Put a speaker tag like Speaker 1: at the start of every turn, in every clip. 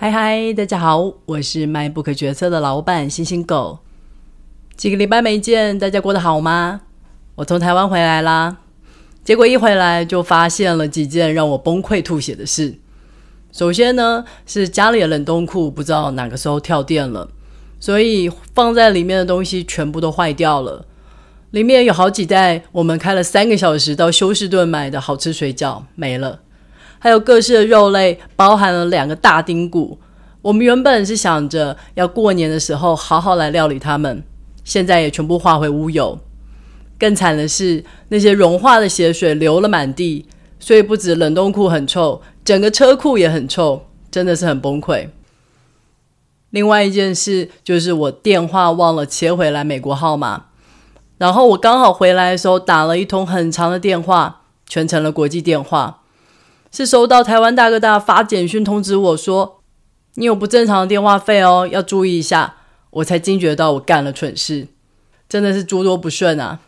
Speaker 1: 嗨嗨，大家好，我是賣不可決策的老板星星狗。幾個禮拜沒見，大家過得好嗎？我從台灣回來啦，結果一回來就發現了幾件讓我崩潰吐血的事。首先呢，是家裡的冷凍庫不知道哪個時候跳電了，所以放在裡面的東西全部都壞掉了。裡面有好幾袋我們開了三個小時到休士頓買的好吃水餃沒了。還有各式的肉類，包含了兩個大丁骨。我們原本是想着要過年的時候好好來料理它們，現在也全部化為烏有。更慘的是，那些融化的血水流了滿地，所以不止冷凍庫很臭，整個車庫也很臭，真的是很崩潰。另外一件事就是我電話忘了切回來美國號碼，然後我剛好回來的時候打了一通很長的電話，全成了國際電話。是收到台灣大哥大發簡訊通知我說：“你有不正常的電話費哦，要注意一下。”我才驚覺到我幹了蠢事，真的是諸多不順啊！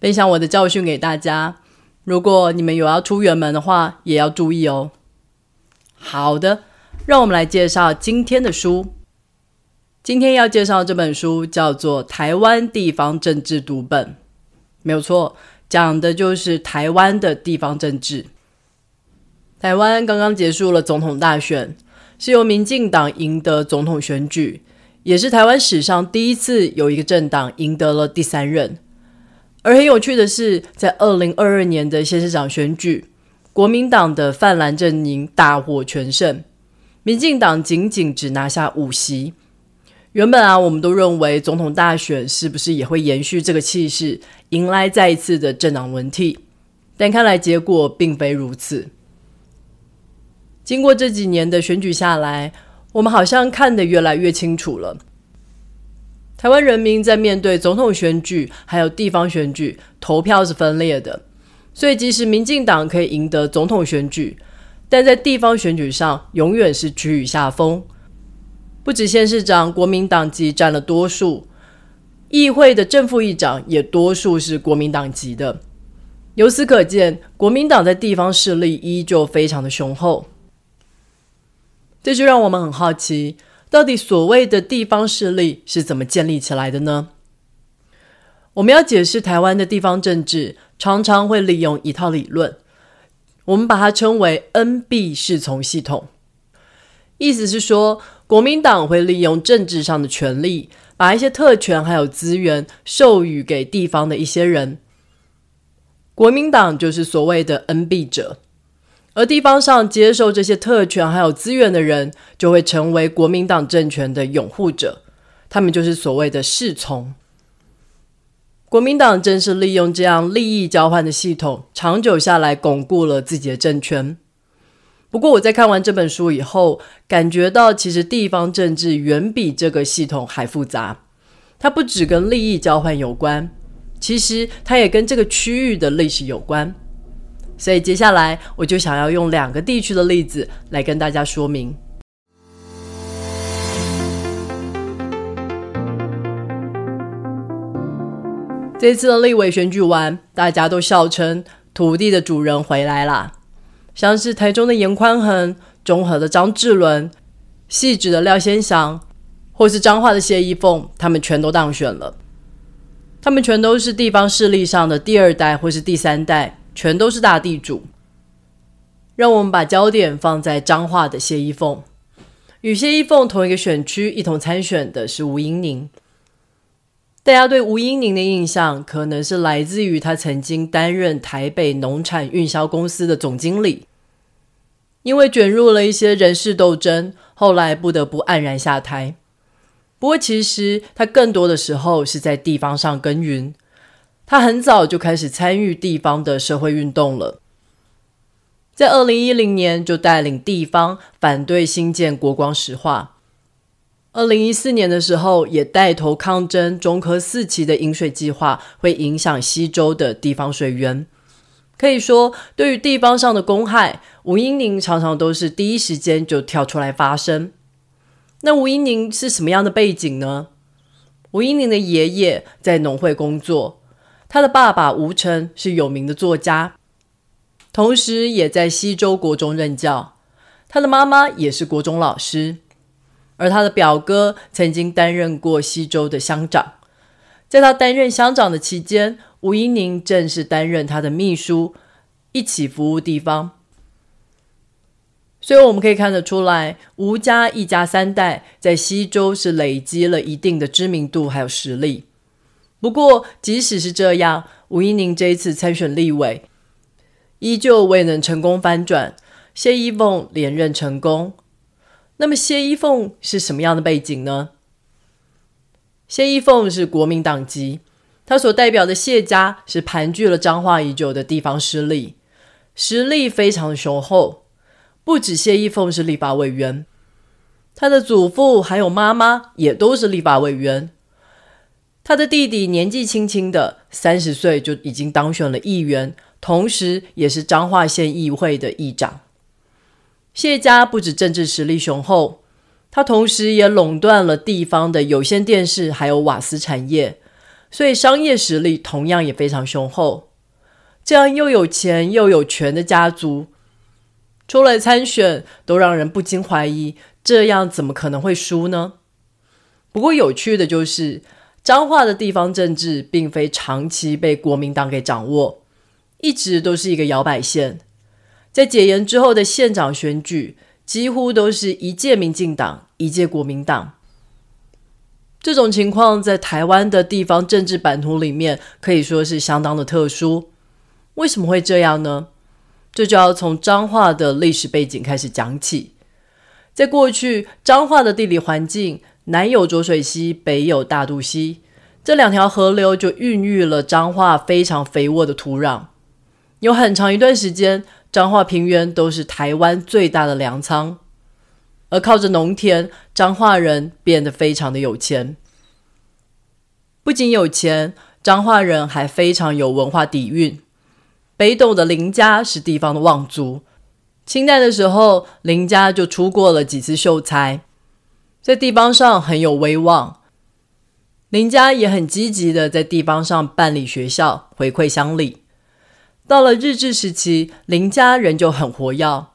Speaker 1: 分享我的教訓給大家，如果你們有要出遠門的話，也要注意哦。好的，讓我們來介紹今天的書。今天要介紹的這本書叫做《台灣地方政治讀本》，沒有錯，講的就是台灣的地方政治。台灣剛剛結束了總統大選，是由民進黨贏得總統選舉，也是台灣史上第一次有一個政黨贏得了第三任。而很有趣的是，在二零二二年的縣市長選舉，國民黨的泛藍陣營大獲全勝，民進黨僅僅只拿下五席。原本啊，我們都認為總統大選是不是也會延續這個氣勢，迎來再一次的政黨輪替？但看來結果並非如此。經過這幾年的選舉下來，我們好像看得越來越清楚了。台灣人民在面對總統選舉還有地方選舉投票是分裂的，所以即使民進黨可以贏得總統選舉，但在地方選舉上永遠是居於下風。不止縣市長，國民黨籍佔了多數，議會的正副議長也多數是國民黨籍的。由此可見，國民黨在地方勢力依舊非常的雄厚。這就讓我們很好奇，到底所謂的地方勢力是怎麼建立起來的呢？我們要解釋台灣的地方政治，常常會利用一套理論，我們把它稱為“恩 b 侍從系統”。意思是說，國民黨會利用政治上的權力，把一些特權還有資源授予給地方的一些人。國民黨就是所謂的“恩 b 者”。而地方上接受這些特權還有資源的人，就會成為國民黨政權的擁護者，他們就是所謂的侍從。國民黨正是利用這樣利益交換的系統，長久下來鞏固了自己的政權。不過，我在看完這本書以後，感覺到其實地方政治遠比這個系統還複雜，它不只跟利益交換有關，其實它也跟這個區域的歷史有關。所以接下來我就想要用兩個地區的例子來跟大家說明。這次的立委選舉完，大家都笑稱“土地的主人回來了”，像是台中的顏寬恆、中和的張智倫、汐止的廖先祥，或是彰化的謝衣鳳，他們全都當選了。他們全都是地方勢力上的第二代或是第三代。全都是大地主。讓我們把焦點放在彰化的謝衣鳯。與謝衣鳯同一個選區一同參選的是吳音寧。大家對吳音寧的印象，可能是來自於他曾經擔任台北農產運銷公司的總經理。因為捲入了一些人事鬥爭，後來不得不黯然下台。不過，其實他更多的時候是在地方上耕耘。他很早就開始參與地方的社會運動了，在二零一零年就帶領地方反對興建國光石化，二零一四年的時候也帶頭抗爭中科四期的引水計劃會影響溪州的地方水源。可以說，對於地方上的公害，吳音寧常常都是第一時間就跳出來發聲。那吳音寧是什麼樣的背景呢？吳音寧的爺爺在農會工作。他的爸爸吳晟是有名的作家，同時也在溪州國中任教。他的媽媽也是國中老師，而他的表哥曾經擔任過溪州的鄉長。在他擔任鄉長的期間，吳音寧正式擔任他的秘書，一起服務地方。所以我們可以看得出來，吳家一家三代在溪州是累積了一定的知名度還有實力。不過，即使是這樣，吳音寧這一次參選立委依舊未能成功翻轉，謝衣鳳連任成功。那麼，謝衣鳳是什麼樣的背景呢？謝衣鳳是國民黨籍，他所代表的謝家是盤踞了彰化已久的地方勢力，實力非常雄厚。不止謝衣鳳是立法委員，他的祖父還有媽媽也都是立法委員。他的弟弟年紀輕輕的三十歲就已經當選了議員，同時也是彰化縣議會的議長。謝家不止政治實力雄厚，他同時也壟斷了地方的有線電視還有瓦斯產業，所以商業實力同樣也非常雄厚。這樣又有錢又有權的家族出來參選，都讓人不禁懷疑，這樣怎麼可能會輸呢？不過有趣的就是。彰化的地方政治並非長期被國民黨給掌握，一直都是一個搖擺縣。在解嚴之後的縣長選舉，幾乎都是一屆民進黨，一屆國民黨。這種情況在台灣的地方政治版圖裡面可以說是相當的特殊。為什麼會這樣呢？這就就要從彰化的歷史背景開始講起。在過去，彰化的地理環境。南有濁水溪，北有大肚溪，這兩條河流就孕育了彰化非常肥沃的土壤。有很長一段時間，彰化平原都是台灣最大的糧倉，而靠着農田，彰化人變得非常的有錢。不僅有錢，彰化人還非常有文化底蘊。北斗的林家是地方的望族，清代的時候，林家就出過了幾次秀才。在地方上很有威望，林家也很積極的在地方上辦理學校，回饋鄉里。到了日治時期，林家人就很活躍，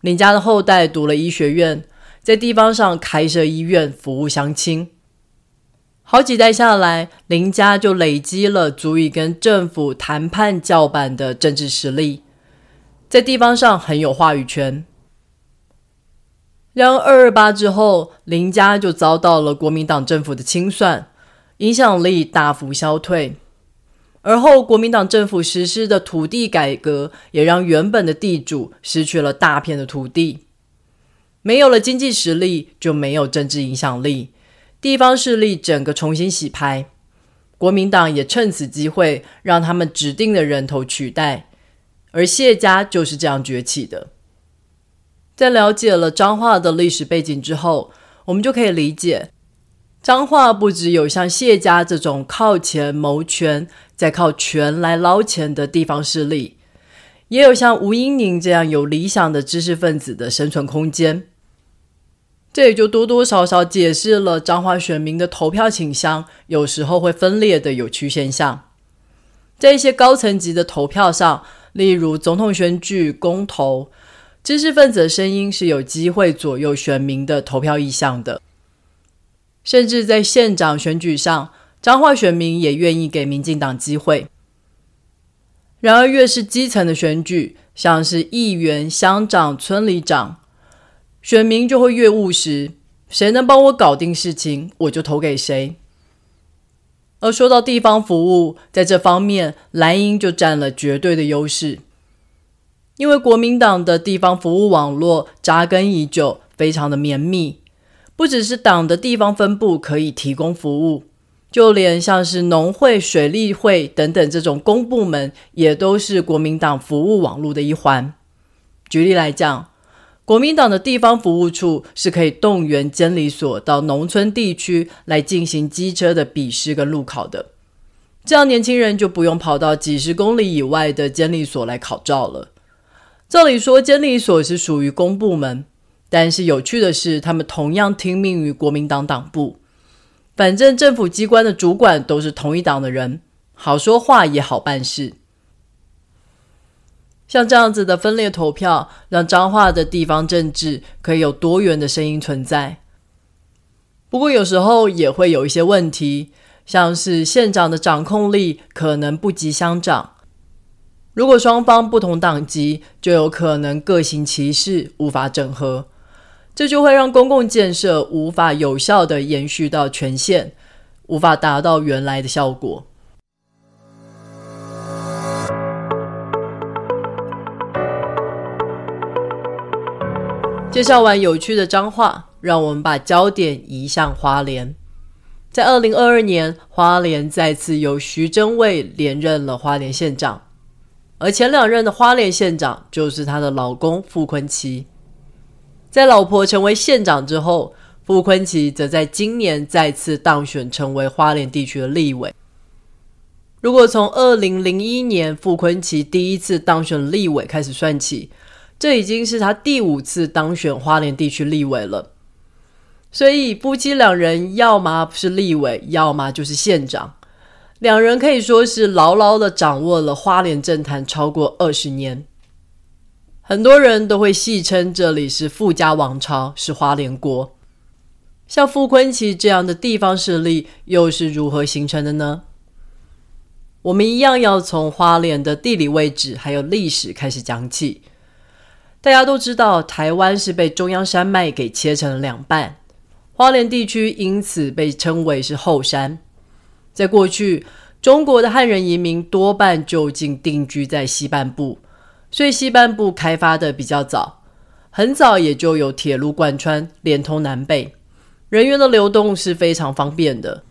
Speaker 1: 林家的後代讀了醫學院，在地方上開設醫院，服務鄉親。好幾代下來，林家就累積了足以跟政府談判叫板的政治實力，在地方上很有話語權。然而，二二八之後，林家就遭到了國民黨政府的清算，影響力大幅消退。而後，國民黨政府實施的土地改革，也讓原本的地主失去了大片的土地，沒有了經濟實力，就沒有政治影響力，地方勢力整個重新洗牌，國民黨也趁此機會讓他們指定的人頭取代，而謝家就是這樣崛起的。在了解了彰化的歷史背景之後，我們就可以理解，彰化不只有像謝家這種靠錢謀權、再靠權來撈錢的地方勢力，也有像吳音寧這樣有理想的知識分子的生存空間。這也就多多少少解釋了彰化選民的投票傾向有時候會分裂的有趣現象。在一些高層級的投票上，例如總統選舉、公投。知識分子的聲音是有機會左右選民的投票意向的，甚至在縣長選舉上，彰化選民也願意給民進黨機會。然而，越是基層的選舉，像是議員、鄉長、村里長，選民就會越務實，誰能幫我搞定事情，我就投給誰。而說到地方服務，在這方面，藍營就佔了絕對的優勢。因為國民黨的地方服務網絡紮根已久，非常的綿密。不只是黨的地方分部可以提供服務，就連像是農會、水利會等等這種公部門，也都是國民黨服務網絡的一環。舉例來講，國民黨的地方服務處是可以動員監理所到農村地區來進行機車的筆試跟路考的，這樣年輕人就不用跑到幾十公里以外的監理所來考照了。照理說，監理所是屬於公部門，但是有趣的是，他們同樣聽命於國民黨黨部。反正政府機關的主管都是同一黨的人，好說話也好辦事。像這樣子的分裂投票，讓彰化的地方政治可以有多元的聲音存在。不過有時候也會有一些問題，像是縣長的掌控力可能不及鄉長。如果雙方不同黨籍，就有可能各行其事，無法整合，這就會讓公共建設無法有效的延續到全縣，無法達到原來的效果。介紹完有趣的彰化，讓我們把焦點移向花蓮。在二零二二年，花蓮再次由徐榛蔚連任了花蓮縣長。而前兩任的花蓮縣長就是她的老公傅昆萁。在老婆成為縣長之後，傅昆萁則在今年再次當選成為花蓮地區的立委。如果從二零零一年傅昆萁第一次當選立委開始算起，這已經是他第五次當選花蓮地區立委了。所以夫妻兩人，要麼不是立委，要麼就是縣長。兩人可以說是牢牢的掌握了花蓮政壇超過二十年，很多人都會戲稱這裡是傅家王朝，是花蓮國。像傅崐萁這樣的地方勢力，又是如何形成的呢？我們一樣要從花蓮的地理位置還有歷史開始講起。大家都知道，台灣是被中央山脈給切成了兩半，花蓮地區因此被稱為是後山。在過去，中國的漢人移民多半就近定居在西半部，所以西半部開發的比較早，很早也就有鐵路貫穿，連通南北，人員的流動是非常方便的。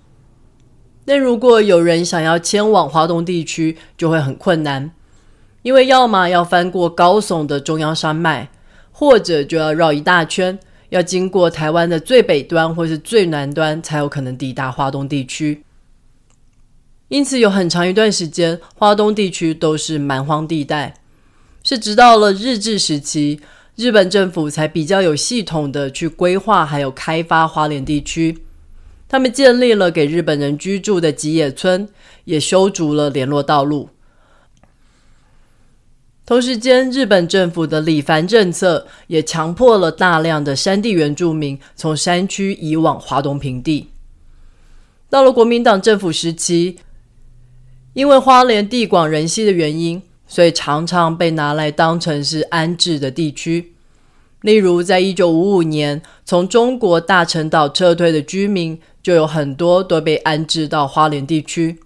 Speaker 1: 那如果有人想要遷往花東地區，就會很困難，因為要麼要翻過高聳的中央山脈，或者就要繞一大圈，要經過台灣的最北端或是最南端，才有可能抵達花東地區。因此，有很長一段時間，花東地區都是蠻荒地帶。是直到了日治時期，日本政府才比較有系統的去規劃還有開發花蓮地區。他們建立了給日本人居住的吉野村，也修築了聯絡道路。同時間，日本政府的理番政策也強迫了大量的山地原住民從山區移往花東平地。到了國民黨政府時期。因為花蓮地廣人稀的原因，所以常常被拿來當成是安置的地區。例如在，在一九五五年從中國大陳島撤退的居民，就有很多都被安置到花蓮地區；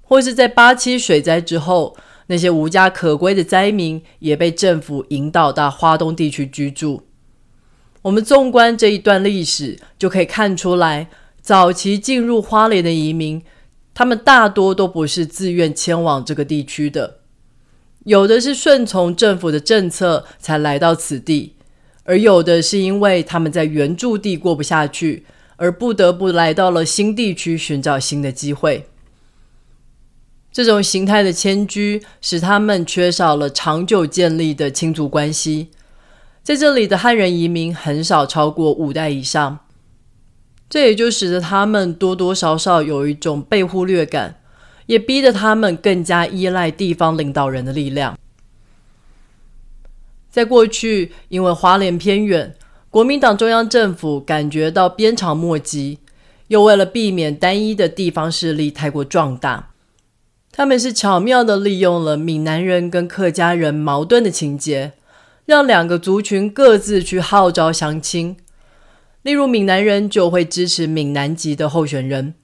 Speaker 1: 或是在八七水災之後，那些無家可歸的災民也被政府引導到，到花東地區居住。我們縱觀這一段歷史，就可以看出來，早期進入花蓮的移民。他們大多都不是自願遷往這個地區的，有的是順從政府的政策才來到此地，而有的是因為他們在原住地過不下去，而不得不來到了新地區尋找新的機會。這種形態的遷居使他們缺少了長久建立的親族關係，在這裡的漢人移民很少超過五代以上。這也就使得他們多多少少有一種被忽略感，也逼得他們更加依賴地方領導人的力量。在過去，因為花蓮偏遠，國民黨中央政府感覺到鞭長莫及，又為了避免單一的地方勢力太過壯大，他們是巧妙地利用了閩南人跟客家人矛盾的情結，讓兩個族群各自去號召鄉親。例如閩南人就會支持閩南籍的候選人，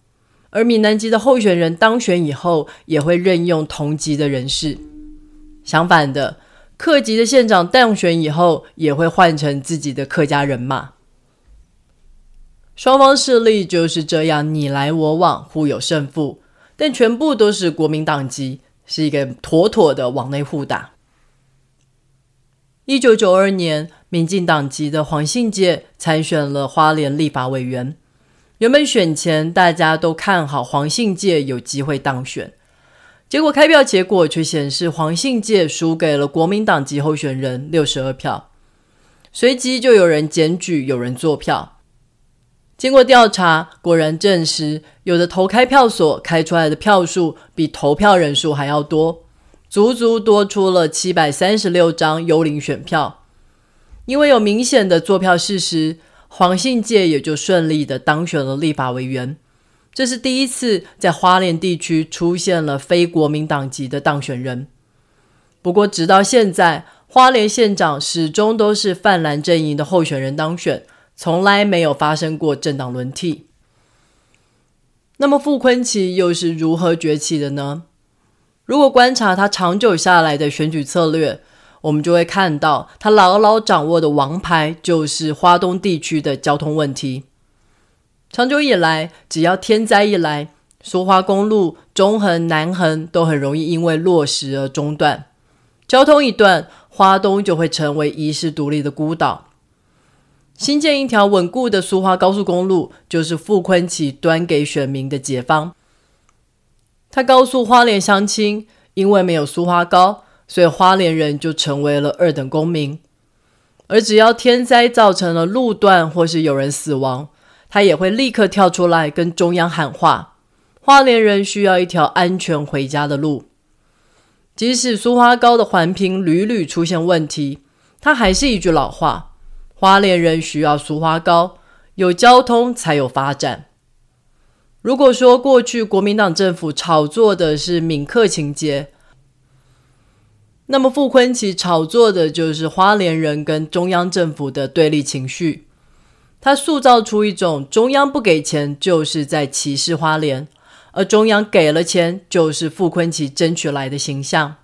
Speaker 1: 而閩南籍的候選人當選以後，也會任用同籍的人士。相反的，客籍的縣長當選以後，也會換成自己的客家人嘛。雙方勢力就是這樣你來我往，互有勝負，但全部都是國民黨籍，是一個妥妥的網內互打。一九九二年，民進黨籍的黃信介參選了花蓮立法委員。原本選前大家都看好黃信介有機會當選，結果開票結果卻顯示黃信介輸給了國民黨籍候選人六十二票。隨即就有人檢舉，有人作票。經過調查，果然證實有的投開票所開出來的票數比投票人數還要多。足足多出了736張幽靈選票，因為有明顯的作票事實，黃信介也就順利的當選了立法委員。這是第一次在花蓮地區出現了非國民黨籍的當選人。不過，直到現在，花蓮縣長始終都是泛藍陣營的候選人當選，從來沒有發生過政黨輪替。那麼，傅崐萁又是如何崛起的呢？如果觀察他長久下來的選舉策略，我們就會看到他牢牢掌握的王牌就是花東地區的交通問題。長久以來，只要天災一來，蘇花公路、中橫、南橫都很容易因為落石而中斷。交通一斷，花東就會成為遺世獨立的孤島。新建一條穩固的蘇花高速公路，就是傅昆萁端給選民的解放。他告訴花蓮鄉親，因為沒有蘇花高，所以花蓮人就成為了二等公民。而只要天災造成了路段或是有人死亡，他也會立刻跳出來跟中央喊話：花蓮人需要一條安全回家的路。即使蘇花高的環評屢屢出現問題，他還是一句老話：花蓮人需要蘇花高，有交通才有發展。如果說過去國民黨政府炒作的是閩客情結，那麼傅崐萁炒作的就是花蓮人跟中央政府的對立情緒。他塑造出一種中央不給錢就是在歧視花蓮，而中央給了錢就是傅崐萁爭取來的形象。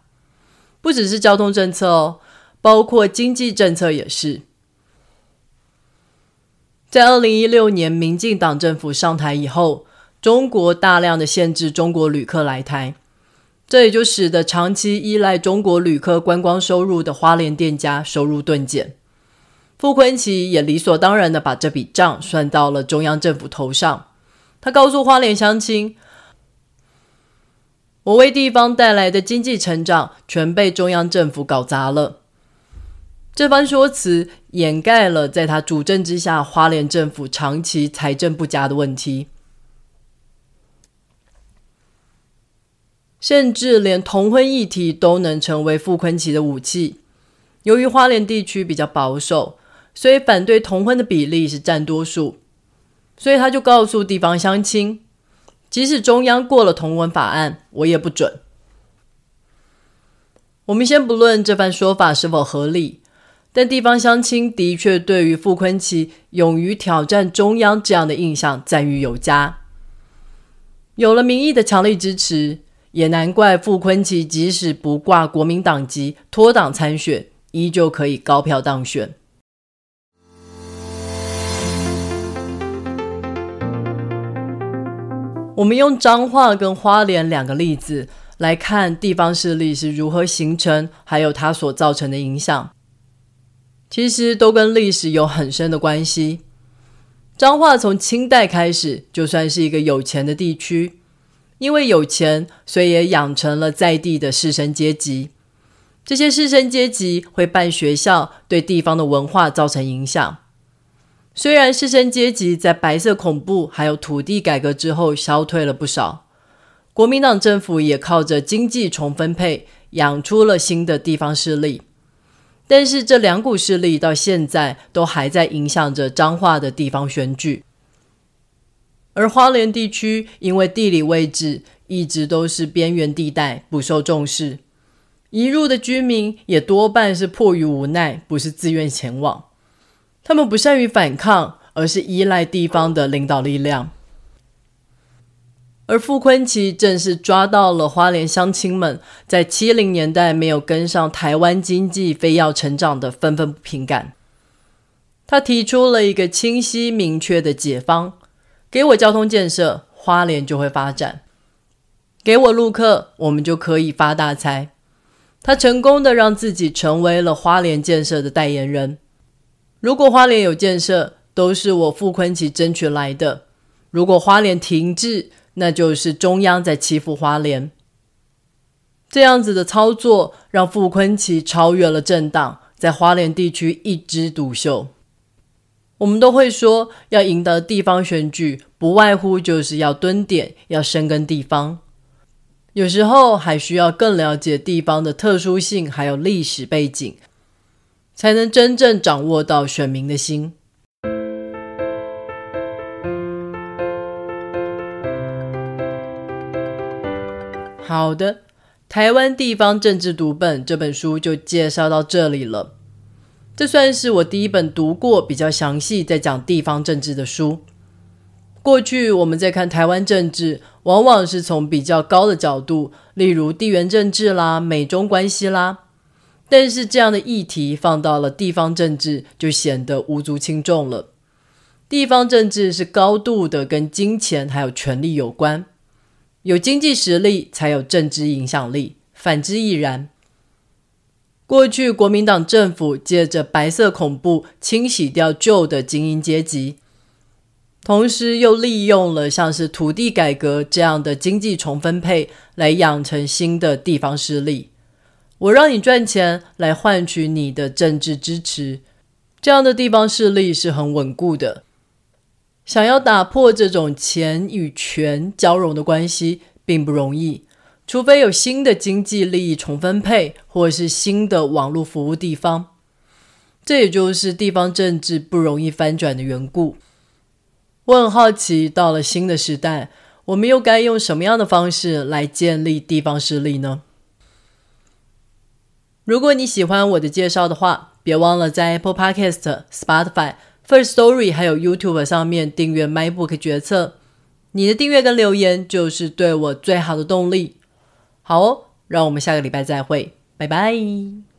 Speaker 1: 不只是交通政策哦，包括經濟政策也是。在二零一六年民進黨政府上台以後。中國大量的限制中國旅客來台，這也就使得長期依賴中國旅客觀光收入的花蓮店家收入頓減。傅崐萁也理所當然的把這筆賬算到了中央政府頭上。他告訴花蓮鄉親：“我為地方帶來的經濟成長，全被中央政府搞砸了。”這番說辭掩蓋了在他主政之下花蓮政府長期財政不佳的問題。甚至連同婚議題都能成為傅昆萁的武器。由於花蓮地區比較保守，所以反對同婚的比例是占多數，所以他就告訴地方鄉親，即使中央過了同婚法案，我也不准。我們先不論這番說法是否合理，但地方鄉親的確對於傅昆萁勇於挑戰中央這樣的印象讚譽有加。有了民意的強力支持。也難怪傅崐萁即使不掛國民黨籍、脫黨參選，依舊可以高票當選。我們用彰化跟花蓮兩個例子來看地方勢力是如何形成，還有它所造成的影響，其實都跟歷史有很深的關係。彰化從清代開始就算是一個有錢的地區。因為有錢，所以也養成了在地的士紳階級。這些士紳階級會辦學校，對地方的文化造成影響。雖然士紳階級在白色恐怖還有土地改革之後消退了不少，國民黨政府也靠着經濟重分配，養出了新的地方勢力。但是這兩股勢力到現在都還在影響着彰化的地方選舉。而花蓮地區因為地理位置一直都是邊緣地帶，不受重視。移入的居民也多半是迫於無奈，不是自願前往。他們不善於反抗，而是依賴地方的領導力量。而傅崐萁正是抓到了花蓮鄉親們在七零年代沒有跟上台灣經濟非要成長的紛紛不平感。他提出了一個清晰明確的解方。給我交通建設，花蓮就會發展；給我陸客，我們就可以發大財。他成功地讓自己成為了花蓮建設的代言人。如果花蓮有建設，都是我傅昆萁爭取來的；如果花蓮停滯，那就是中央在欺負花蓮。這樣子的操作，讓傅昆萁超越了政黨，在花蓮地區一枝獨秀。我們都會說，要贏得地方選舉，不外乎就是要蹲點、要深耕地方，有時候還需要更了解地方的特殊性，還有歷史背景，才能真正掌握到選民的心。好的，《台灣地方政治讀本》這本書就介紹到這裡了。這算是我第一本讀過比較詳細在講地方政治的書。過去我們在看台灣政治，往往是從比較高的角度，例如地緣政治啦、美中關係啦。但是這樣的議題放到了地方政治，就顯得無足輕重了。地方政治是高度的跟金錢還有權力有關，有經濟實力才有政治影響力，反之亦然。過去國民黨政府借着白色恐怖清洗掉舊的精英階級，同時又利用了像是土地改革這樣的經濟重分配來養成新的地方勢力。我讓你賺錢來換取你的政治支持，這樣的地方勢力是很穩固的。想要打破這種錢與權交融的關係，並不容易。除非有新的經濟利益重分配，或是新的網絡服務地方，這也就是地方政治不容易翻轉的緣故。我很好奇，到了新的時代，我們又該用什麼樣的方式來建立地方勢力呢？如果你喜歡我的介紹的話，別忘了在 Apple Podcast、Spotify、First Story 還有 YouTube 上面訂閱 My Book 決策。你的訂閱跟留言就是對我最好的動力。好哦，讓我們下個禮拜再會，拜拜。